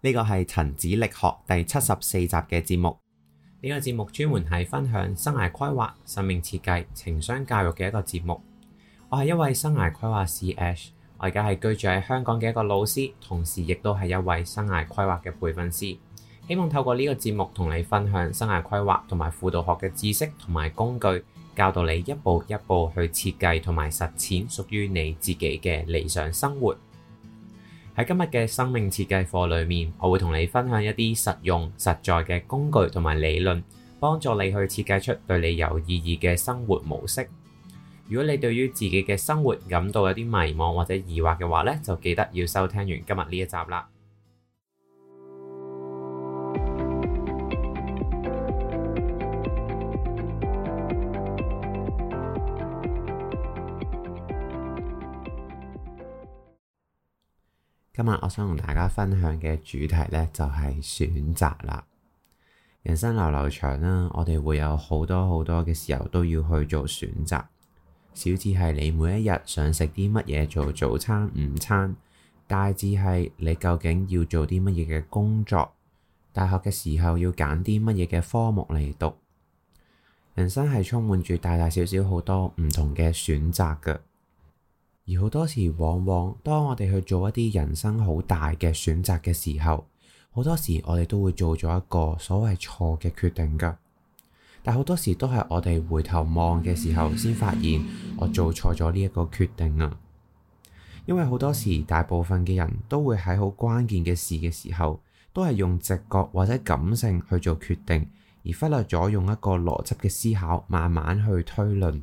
呢個係塵籽力學第七十四集嘅節目。呢個節目專門係分享生涯規劃、生命設計、情商教育嘅一個節目。我係一位生涯規劃師 Ash，我而家係居住喺香港嘅一個老師，同時亦都係一位生涯規劃嘅培訓師。希望透過呢個節目同你分享生涯規劃同埋輔導學嘅知識同埋工具，教導你一步一步去設計同埋實踐屬於你自己嘅理想生活。喺今日嘅生命設計課裏面，我會同你分享一啲實用、實在嘅工具同埋理論，幫助你去設計出對你有意義嘅生活模式。如果你對於自己嘅生活感到有啲迷茫或者疑惑嘅話咧，就記得要收聽完今日呢一集啦。今日我想同大家分享嘅主題呢，就係選擇啦。人生流流長啦，我哋會有好多好多嘅時候都要去做選擇。小至係你每一日想食啲乜嘢做早餐、午餐，大至係你究竟要做啲乜嘢嘅工作。大學嘅時候要揀啲乜嘢嘅科目嚟讀。人生係充滿住大大小小好多唔同嘅選擇嘅。而好多時，往往當我哋去做一啲人生好大嘅選擇嘅時候，好多時我哋都會做咗一個所謂錯嘅決定㗎。但好多時都係我哋回頭望嘅時候，先發現我做錯咗呢一個決定啊。因為好多時，大部分嘅人都會喺好關鍵嘅事嘅時候，都係用直覺或者感性去做決定，而忽略咗用一個邏輯嘅思考，慢慢去推論。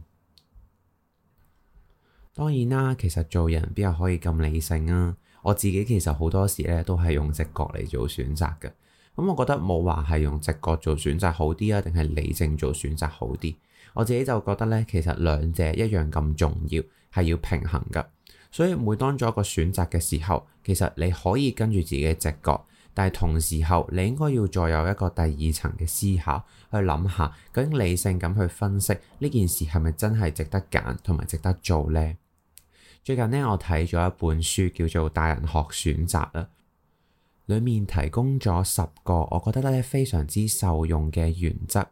當然啦，其實做人邊有可以咁理性啊？我自己其實好多時咧都係用直覺嚟做選擇嘅。咁、嗯、我覺得冇話係用直覺做選擇好啲啊，定係理性做選擇好啲？我自己就覺得咧，其實兩者一樣咁重要，係要平衡㗎。所以每當做一個選擇嘅時候，其實你可以跟住自己嘅直覺，但係同時候你應該要再有一個第二層嘅思考去諗下，究竟理性咁去分析呢件事係咪真係值得揀同埋值得做呢？最近咧，我睇咗一本書叫做《大人學選擇》啦，裏面提供咗十個我覺得咧非常之受用嘅原則。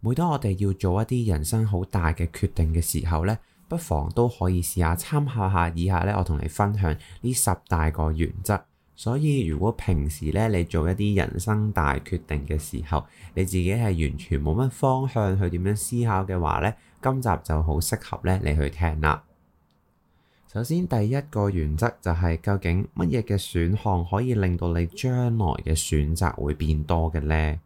每當我哋要做一啲人生好大嘅決定嘅時候咧，不妨都可以試下參考下以下咧，我同你分享呢十大個原則。所以如果平時咧你做一啲人生大決定嘅時候，你自己係完全冇乜方向去點樣思考嘅話咧，今集就好適合咧你去聽啦。首先，第一個原則就係究竟乜嘢嘅選項可以令到你將來嘅選擇會變多嘅咧？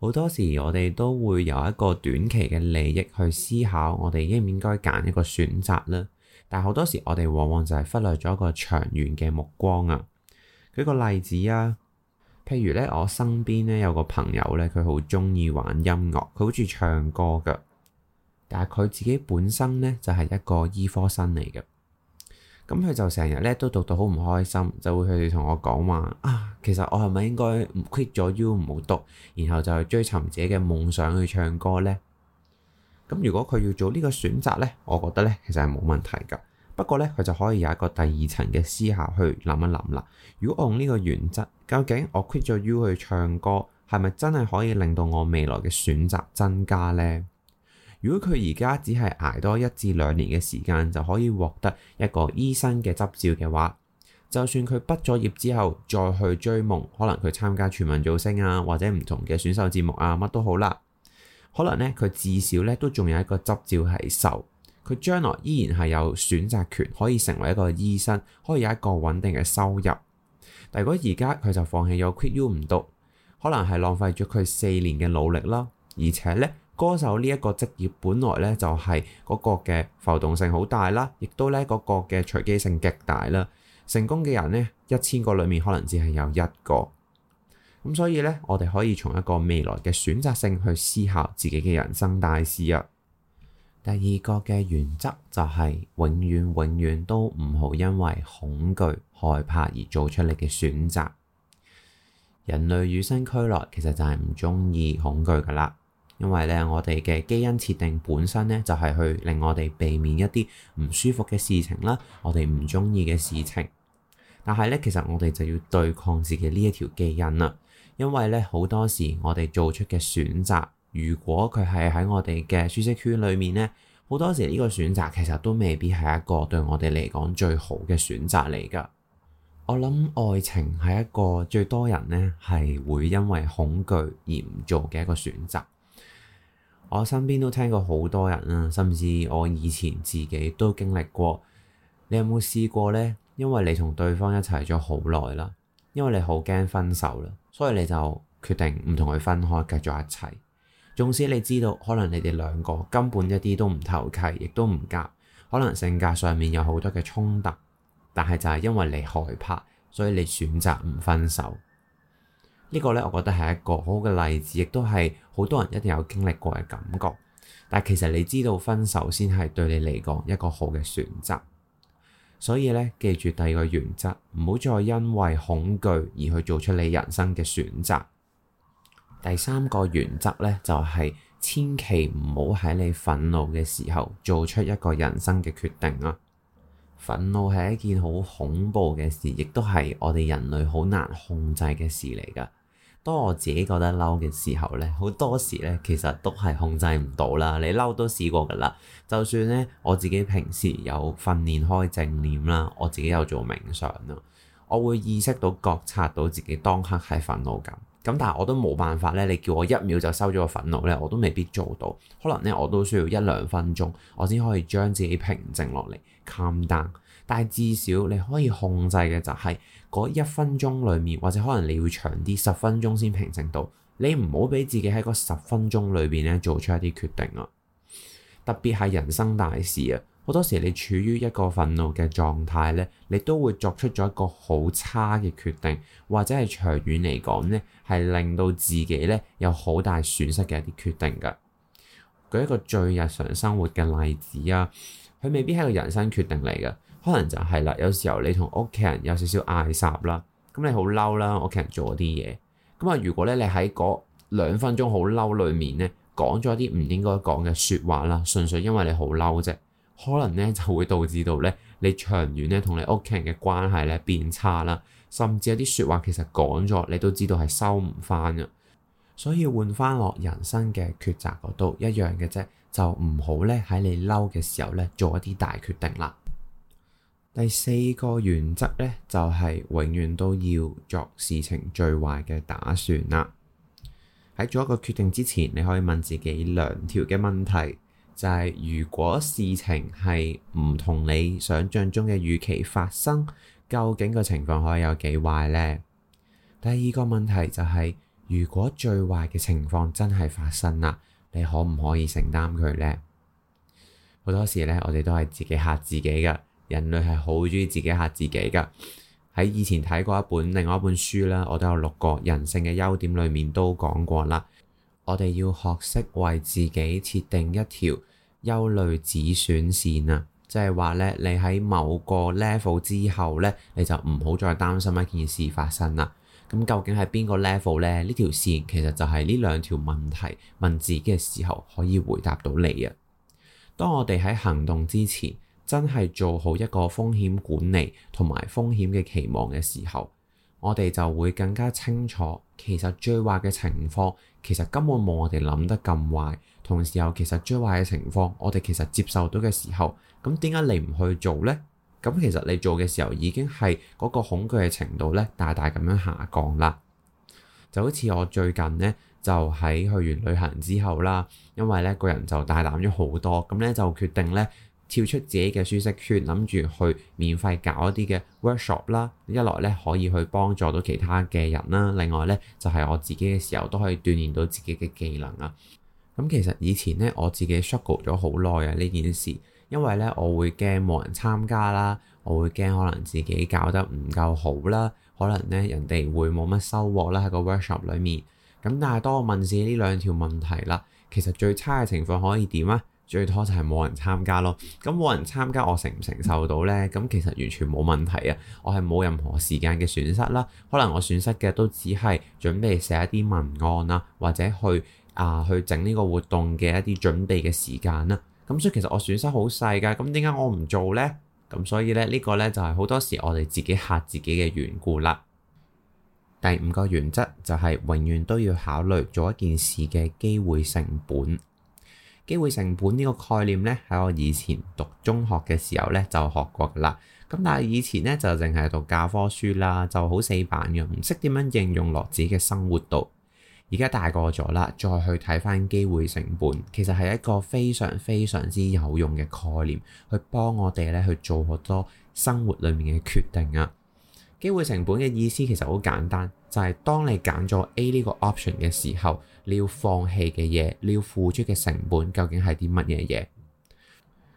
好多時我哋都會有一個短期嘅利益去思考，我哋應唔應該揀一個選擇咧？但係好多時我哋往往就係忽略咗一個長遠嘅目光啊！舉個例子啊，譬如咧，我身邊咧有個朋友咧，佢好中意玩音樂，佢好中意唱歌㗎，但係佢自己本身咧就係一個醫科生嚟嘅。咁佢就成日咧都讀到好唔開心，就會去同我講話啊，其實我係咪應該唔 quit 咗 U 唔好讀，然後就去追尋自己嘅夢想去唱歌咧？咁如果佢要做呢個選擇咧，我覺得咧其實係冇問題㗎。不過咧佢就可以有一個第二層嘅思考去諗一諗啦。如果我用呢個原則，究竟我 quit 咗 U 去唱歌，係咪真係可以令到我未來嘅選擇增加咧？如果佢而家只係捱多一至兩年嘅時間就可以獲得一個醫生嘅執照嘅話，就算佢畢咗業之後再去追夢，可能佢參加全民造星啊，或者唔同嘅選秀節目啊，乜都好啦，可能咧佢至少咧都仲有一個執照喺手，佢將來依然係有選擇權可以成為一個醫生，可以有一個穩定嘅收入。但如果而家佢就放棄咗 quit U 唔讀，可能係浪費咗佢四年嘅努力啦，而且咧。歌手呢一個職業，本來咧就係嗰個嘅浮動性好大啦，亦都咧嗰個嘅隨機性極大啦。成功嘅人咧，一千個裏面可能只係有一個。咁所以咧，我哋可以從一個未來嘅選擇性去思考自己嘅人生大事啊。第二個嘅原則就係永遠永遠都唔好因為恐懼害怕而做出你嘅選擇。人類與生俱來其實就係唔中意恐懼噶啦。因為咧，我哋嘅基因設定本身咧，就係去令我哋避免一啲唔舒服嘅事情啦，我哋唔中意嘅事情。但係咧但係，其實我哋就要對抗自己呢一條基因啦。因為咧，好多時我哋做出嘅選擇，如果佢係喺我哋嘅舒適圈裏面咧，好多時呢個選擇其實都未必係一個對我哋嚟講最好嘅選擇嚟㗎。我諗愛情係一個最多人咧係會因為恐懼而唔做嘅一個選擇。我身邊都聽過好多人啊，甚至我以前自己都經歷過。你有冇試過咧？因為你同對方一齊咗好耐啦，因為你好驚分手啦，所以你就決定唔同佢分開，繼續一齊。縱使你知道可能你哋兩個根本一啲都唔投契，亦都唔夾，可能性格上面有好多嘅衝突，但係就係因為你害怕，所以你選擇唔分手。呢個咧，我覺得係一個好嘅例子，亦都係好多人一定有經歷過嘅感覺。但其實你知道分手先係對你嚟講一個好嘅選擇，所以咧，記住第二個原則，唔好再因為恐懼而去做出你人生嘅選擇。第三個原則咧，就係千祈唔好喺你憤怒嘅時候做出一個人生嘅決定啊！憤怒係一件好恐怖嘅事，亦都係我哋人類好難控制嘅事嚟噶。當我自己覺得嬲嘅時候咧，好多時咧，其實都係控制唔到啦。你嬲都試過㗎啦。就算咧我自己平時有訓練開正念啦，我自己有做冥想啦，我會意識到、覺察到自己當刻係憤怒咁。咁但係我都冇辦法咧，你叫我一秒就收咗個憤怒咧，我都未必做到。可能咧我都需要一兩分鐘，我先可以將自己平靜落嚟，calming down。但係至少你可以控制嘅就係嗰一分鐘裏面，或者可能你要長啲，十分鐘先平靜到。你唔好俾自己喺嗰十分鐘裏邊咧做出一啲決定啊。特別係人生大事啊，好多時你處於一個憤怒嘅狀態咧，你都會作出咗一個好差嘅決定，或者係長遠嚟講咧係令到自己咧有好大損失嘅一啲決定㗎。舉一個最日常生活嘅例子啊，佢未必係一個人生決定嚟嘅。可能就係啦。有時候你同屋企人有少少嗌霎啦，咁你好嬲啦，屋企人做啲嘢咁啊。如果咧你喺嗰兩分鐘好嬲裏面咧講咗啲唔應該講嘅説話啦，純粹因為你好嬲啫，可能咧就會導致到咧你長遠咧同你屋企人嘅關係咧變差啦，甚至有啲説話其實講咗你都知道係收唔翻嘅，所以換翻落人生嘅抉擇嗰度一樣嘅啫，就唔好咧喺你嬲嘅時候咧做一啲大決定啦。第四個原則咧，就係、是、永遠都要作事情最壞嘅打算啦。喺做一個決定之前，你可以問自己兩條嘅問題，就係、是、如果事情係唔同你想象中嘅預期發生，究竟個情況可以有幾壞咧？第二個問題就係、是，如果最壞嘅情況真係發生啦，你可唔可以承擔佢咧？好多時咧，我哋都係自己嚇自己㗎。人類係好中意自己嚇自己噶。喺以前睇過一本另外一本書啦，我都有六個人性嘅優點裏面都講過啦。我哋要學識為自己設定一條憂慮止損線啊，即係話咧，你喺某個 level 之後咧，你就唔好再擔心一件事發生啦。咁究竟係邊個 level 咧？呢條線其實就係呢兩條問題問自己嘅時候可以回答到你啊。當我哋喺行動之前，真係做好一個風險管理同埋風險嘅期望嘅時候，我哋就會更加清楚，其實最壞嘅情況其實根本冇我哋諗得咁壞。同時又其實最壞嘅情況，我哋其實接受到嘅時候，咁點解你唔去做呢？咁其實你做嘅時候已經係嗰個恐懼嘅程度咧，大大咁樣下降啦。就好似我最近咧，就喺去完旅行之後啦，因為咧個人就大膽咗好多，咁咧就決定咧。跳出自己嘅舒適圈，諗住去免費搞一啲嘅 workshop 啦，一來咧可以去幫助到其他嘅人啦，另外咧就係、是、我自己嘅時候都可以鍛鍊到自己嘅技能啊。咁、嗯、其實以前咧我自己 struggle 咗好耐啊呢件事，因為咧我會驚冇人參加啦，我會驚可能自己搞得唔夠好啦，可能咧人哋會冇乜收穫啦喺個 workshop 裏面。咁、嗯、但係當我問自己呢兩條問題啦，其實最差嘅情況可以點啊？最多就係冇人參加咯，咁冇人參加，我承唔承受到呢？咁其實完全冇問題啊，我係冇任何時間嘅損失啦。可能我損失嘅都只係準備寫一啲文案啦、啊，或者去啊去整呢個活動嘅一啲準備嘅時間啦、啊。咁所以其實我損失好細㗎。咁點解我唔做呢？咁所以咧呢、呢個咧就係好多時我哋自己嚇自己嘅緣故啦。第五個原則就係永遠都要考慮做一件事嘅機會成本。機會成本呢個概念呢，喺我以前讀中學嘅時候呢就學過噶啦。咁但係以前呢，就淨係讀教科書啦，就好死板嘅，唔識點樣應用落自己嘅生活度。而家大個咗啦，再去睇返機會成本，其實係一個非常非常之有用嘅概念，去幫我哋呢去做好多生活裡面嘅決定啊。機會成本嘅意思其實好簡單，就係當你揀咗 A 呢個 option 嘅時候，你要放棄嘅嘢，你要付出嘅成本究竟係啲乜嘢嘢？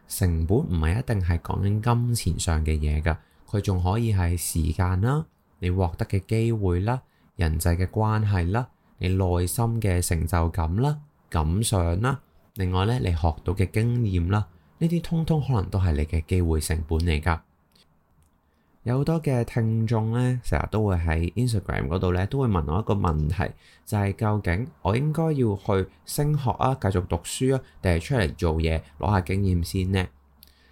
成本唔係一定係講緊金錢上嘅嘢㗎，佢仲可以係時間啦、你獲得嘅機會啦、人際嘅關係啦、你內心嘅成就感啦、感想啦，另外咧你學到嘅經驗啦，呢啲通通可能都係你嘅機會成本嚟㗎。有好多嘅聽眾咧，成日都會喺 Instagram 嗰度咧，都會問我一個問題，就係究竟我應該要去升學啊，繼續讀書啊，定係出嚟做嘢攞下經驗先呢？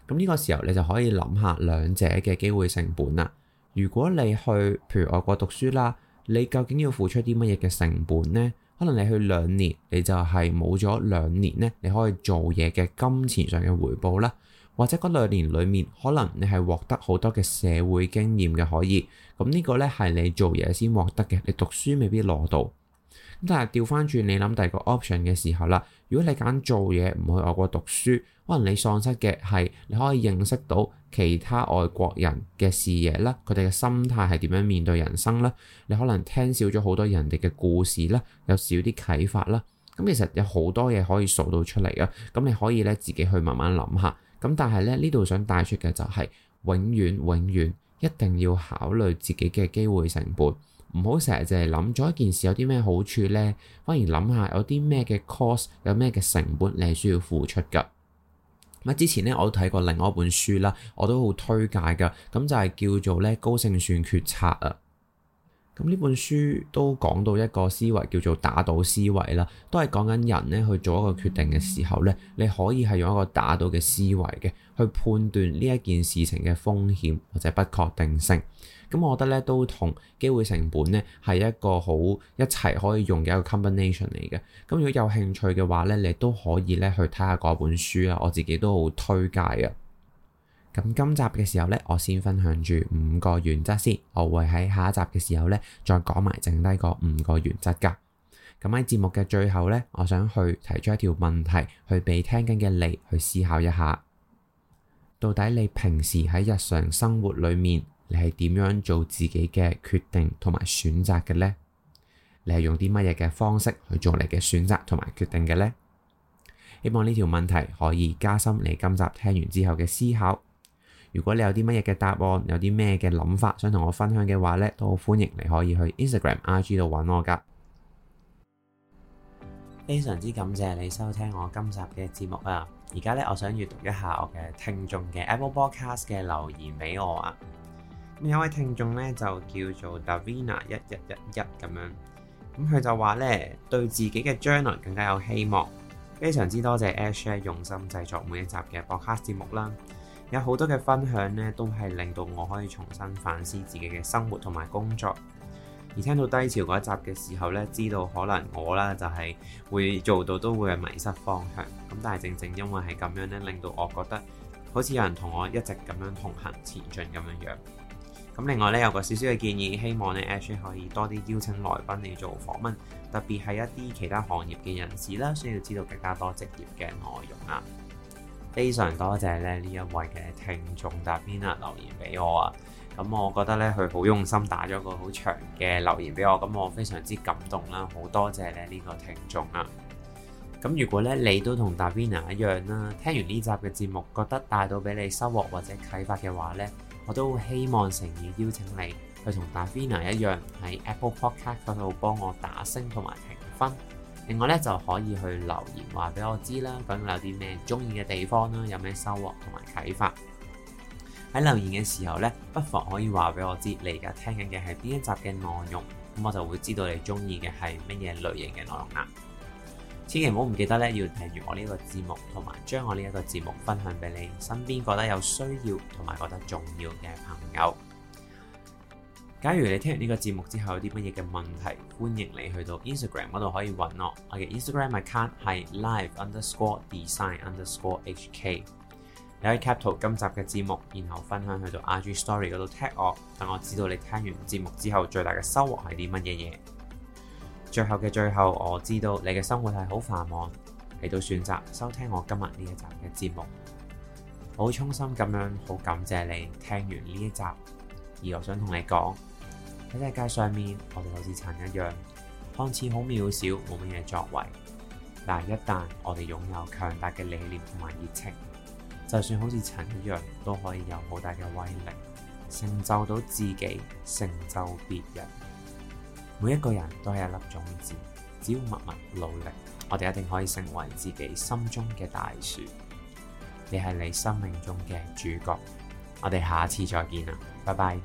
咁呢個時候你就可以諗下兩者嘅機會成本啦。如果你去譬如外國讀書啦，你究竟要付出啲乜嘢嘅成本咧？可能你去兩年，你就係冇咗兩年咧，你可以做嘢嘅金錢上嘅回報啦。或者嗰兩年裏面，可能你係獲得好多嘅社會經驗嘅，可以咁呢、呢個咧係你做嘢先獲得嘅，你讀書未必攞到。咁但係調翻轉你諗第二個 option 嘅時候啦，如果你揀做嘢唔去外國讀書，可能你喪失嘅係你可以認識到其他外國人嘅視野啦，佢哋嘅心態係點樣面對人生啦，你可能聽少咗好多人哋嘅故事啦，有少啲啟發啦。咁其實有好多嘢可以數到出嚟啊！咁你可以咧自己去慢慢諗下。咁但係咧，呢度想帶出嘅就係永遠永遠一定要考慮自己嘅機會成本，唔好成日淨係諗咗一件事有啲咩好處咧，反而諗下有啲咩嘅 cost，有咩嘅成本你係需要付出噶。咁之前咧我都睇過另外一本書啦，我都好推介噶，咁就係叫做咧高勝算決策啊。咁呢本書都講到一個思維叫做打賭思維啦，都係講緊人咧去做一個決定嘅時候咧，你可以係用一個打賭嘅思維嘅去判斷呢一件事情嘅風險或者不確定性。咁我覺得咧都同機會成本咧係一個好一齊可以用嘅一個 combination 嚟嘅。咁如果有興趣嘅話咧，你都可以咧去睇下嗰本書啊，我自己都好推介啊。咁今集嘅時候咧，我先分享住五個原則先。我會喺下一集嘅時候咧，再講埋剩低嗰五個原則噶。咁喺節目嘅最後咧，我想去提出一條問題，去俾聽緊嘅你去思考一下，到底你平時喺日常生活裏面，你係點樣做自己嘅決定同埋選擇嘅咧？你係用啲乜嘢嘅方式去做你嘅選擇同埋決定嘅咧？希望呢條問題可以加深你今集聽完之後嘅思考。如果你有啲乜嘢嘅答案，有啲咩嘅諗法，想同我分享嘅話呢，都好歡迎你可以去 Instagram、IG 度揾我噶。非常之感謝你收聽我今集嘅節目啊！而家呢，我想閱讀一下我嘅聽眾嘅 Apple Podcast 嘅留言俾我啊。咁有位聽眾呢，就叫做 Davina 一一一一咁樣，咁佢就話呢，對自己嘅將來更加有希望。非常之多謝 Asher 用心製作每一集嘅播客節目啦。有好多嘅分享呢，都係令到我可以重新反思自己嘅生活同埋工作。而聽到低潮嗰一集嘅時候呢，知道可能我啦就係會做到都會迷失方向。咁但係正正因為係咁樣呢，令到我覺得好似有人同我一直咁樣同行前進咁樣樣。咁另外呢，有個少少嘅建議，希望呢 Ashley 可以多啲邀請來賓嚟做訪問，特別係一啲其他行業嘅人士啦，需要知道更加多職業嘅內容啊。非常多謝咧呢一位嘅聽眾 Davina 留言俾我啊，咁我覺得咧佢好用心打咗個好長嘅留言俾我，咁我非常之感動啦，好多謝咧呢個聽眾啊！咁如果咧你都同 Davina 一樣啦，聽完呢集嘅節目覺得帶到俾你收穫或者啟發嘅話咧，我都希望誠意邀請你去同 Davina 一樣喺 Apple Podcast 嗰度幫我打星同埋評分。另外咧，就可以去留言話俾我知啦，究竟有啲咩中意嘅地方啦，有咩收穫同埋啟發。喺留言嘅時候咧，不妨可以話俾我知你而家聽緊嘅係邊一集嘅內容，咁我就會知道你中意嘅係乜嘢類型嘅內容啦。千祈唔好唔記得咧，要訂閱我呢個節目，同埋將我呢一個節目分享俾你身邊覺得有需要同埋覺得重要嘅朋友。假如你聽完呢個節目之後，有啲乜嘢嘅問題，歡迎你去到 Instagram 嗰度可以揾我。我嘅 Instagram account 係 life underscore design underscore hk。你可以 cap 截圖今集嘅節目，然後分享去到 IG Story 嗰度 tag 我，等我知道你聽完節目之後最大嘅收穫係啲乜嘢嘢。最後嘅最後，我知道你嘅生活係好繁忙嚟到選擇收聽我今日呢一集嘅節目。好衷心咁樣好感謝你聽完呢一集，而我想同你講。喺世界上面，我哋好似塵一樣，看似好渺小，冇乜嘢作為。但係，一旦我哋擁有強大嘅理念同埋熱情，就算好似塵一樣，都可以有好大嘅威力，成就到自己，成就別人。每一個人都係一粒種子，只要默默努力，我哋一定可以成為自己心中嘅大樹。你係你生命中嘅主角，我哋下次再見啦，拜拜。